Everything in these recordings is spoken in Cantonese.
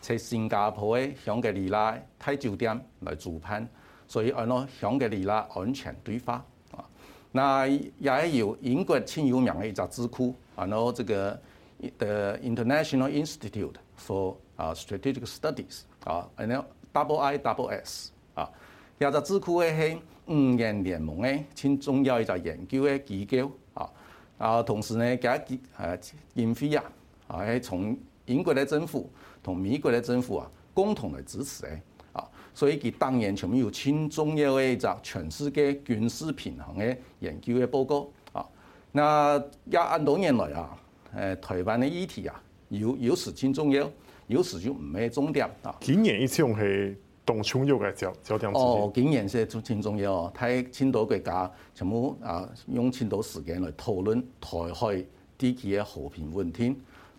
在新加坡嘅香格里拉泰酒店嚟主辦，所以按照香格里拉安全對話啊。嗱，也有英國挺有名的一隻智庫，按照這個 The International Institute for Strategic Studies 啊，攞 Double I Double S 啊，一個智庫係五眼聯盟嘅，佔重要一個研究嘅機構啊。啊，同時咧，佢嘅經費啊，係從英國嘅政府。同美國嘅政府啊，共同嚟支持啊，所以佢當然全部要簽重要嘅一則全世界軍事平衡嘅研究嘅報告啊。那廿按到年來啊，誒，台灣嘅議題啊，有有時簽重要，有時就唔係重點啊，哦。今年一樣係當重要嘅一則，焦點今年先做簽重要，睇清到國家，全部啊用清到時間嚟討論台海啲嘅和平穩定。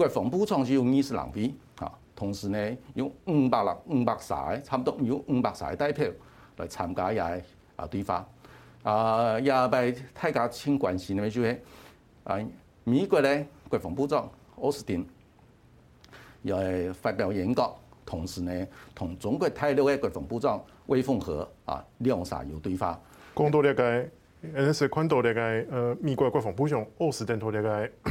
國防部長要用二十人比，嚇，同時呢用五百人五百曬，差唔多有五百曬代表來參加的，呃、也係啊對話。啊，也係大家串關係，咪就係啊美國的國防部長奧斯汀也係發表演講，同時呢同中國大陸嘅國防部長魏鳳和啊兩曬又對話。講到呢個，誒，是看到呢個，誒，美國國防部長奧斯汀，同呢個。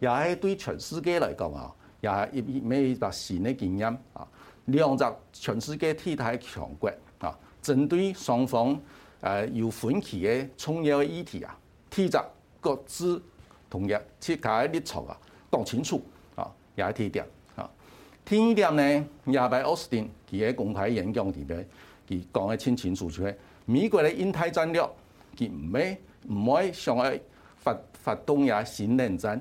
也係 對全世界嚟講啊，也係一啲咩大事嘅經驗啊。亮着全世界替代強國啊，針對雙方誒有分歧嘅重要嘅議題啊，天則各自同樣切解立場啊，講清楚啊，也提點啊？天點呢？亞伯奧斯汀佢喺公開演講入邊，佢講得清清楚楚，美國嘅印太戰略佢唔咩唔可想上去發發動一場新冷戰。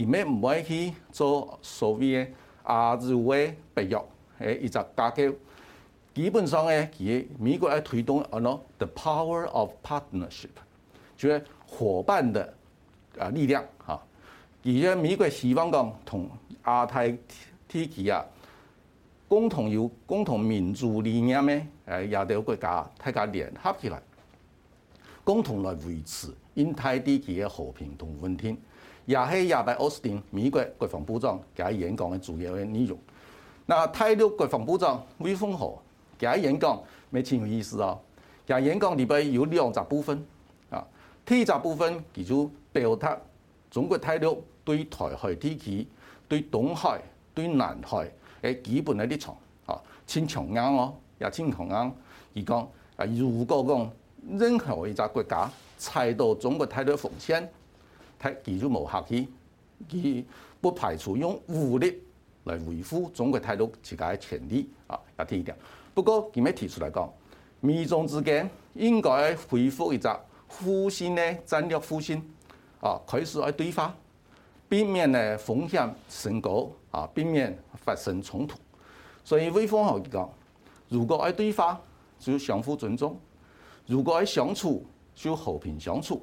佢咪唔去做所謂嘅亞洲嘅北約，係一個格局。基本上咧，佢美國要推動的 no the power of partnership，就係伙伴的力量，嚇。而且美國希望講同亞太地區啊，共同有共同民主理念嘅誒亞洲國家，大家聯合起來，共同來維持亞太地區嘅和平同穩定。也係亞太奧斯汀，美國國防部長喺演講的主要嘅內容。那大陸國防部長魏鳳和喺演講，沒超有意思啊！喺演講裏邊有兩隻部分啊，第一隻部分其實表達中國大陸對台海地區、對東海、對南海誒基本的立場啊，千長啱咯，也千長啱。伊講啊，如果講任何一個國家踩到中國大陸誒紅線他其實無客氣，伊不排除用武力來維護中國大陸自家誒權利。不過，他們提出來講，美中之間應該恢復一個互信誒戰略互信，開始要對話，避免風險升高，避免發生衝突。所以魏鳳方講，如果要對話，就要相互尊重；如果要相處，就要和平相處。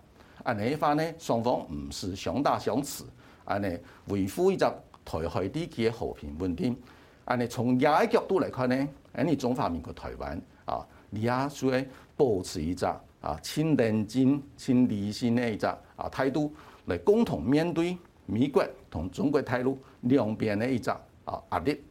啊呢一方呢，雙方唔是相打相持。啊呢維護呢隻台海地區嘅和平穩定。啊呢從另一角度嚟看呢，喺你中華民國台灣啊，你也需要保持呢隻啊，親正經、親理性呢一隻啊態度，嚟共同面對美國同中國大陸兩邊呢一隻啊壓力。啊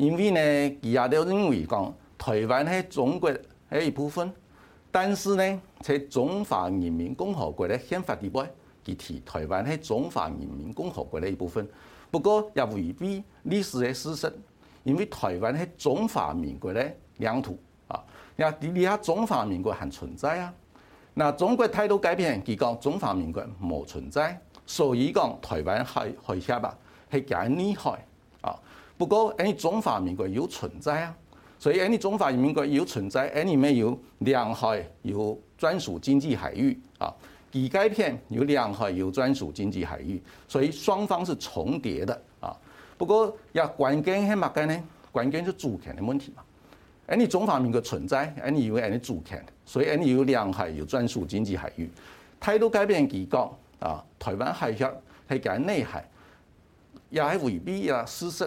因為咧，佢也都認為講台灣係中國係一部分，但是呢，在中華人民共和國咧憲法條文，佢提台灣係中華人民共和國的一部分。不過也未必歷史嘅事實，因為台灣係中華民國的領土啊，你睇下中華民國還存在啊？那中國態度改變，佢講中華民國冇存在，所以講台灣係海」咩吧，係假捏開。不過中華民國有存在，啊、所以中華民國有存在，裏面有領海，有專屬經濟海域啊，幾該片有領海，有專屬經濟海域，所以雙方是重疊的啊，不過也關鍵是嘛呢，關鍵是主權的問題嘛，中華民國存在，你以為你主權，所以你有領海，有專屬經濟海域，態度改變幾個啊，台灣海峽可以內海，也還未必啊，失實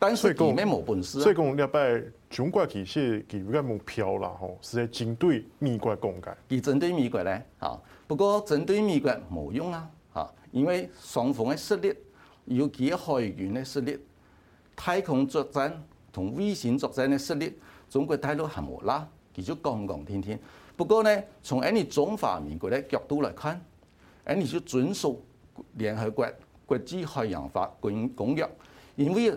但是，講，所以講，呢排中國、就是、其實，佢有個目標啦，吼，是係針對美國講嘅。佢針對美國咧，嚇，不過，針對美國冇用啊，嚇，因為雙方嘅實力尤其海軍嘅實力，太空作戰，同微型作戰嘅實力，中國大陸睇到係無啦，佢就講講聽聽，不過咧，從一啲中華民國嘅角度來看，佢就遵守聯合國國際海洋法公公約，因為。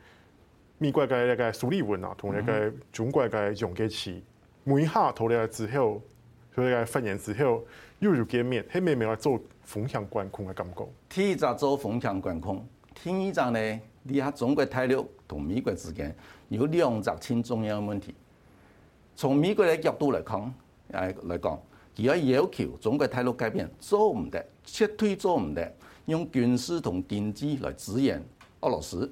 美的嘅個個里文啊，同一個中國嘅用嘅詞，每下離了之後，所以個反應之後，又又見面，係咪咪話做風向管控的感覺。第一集做風向管控，第一集呢，你喺中國大陸同美國之間有兩集千種樣的問題，從美國的角度來，看來講，誒來講，佢要求中國大陸改變，做唔得，撤退做唔得，用軍事同電子來支援俄羅斯。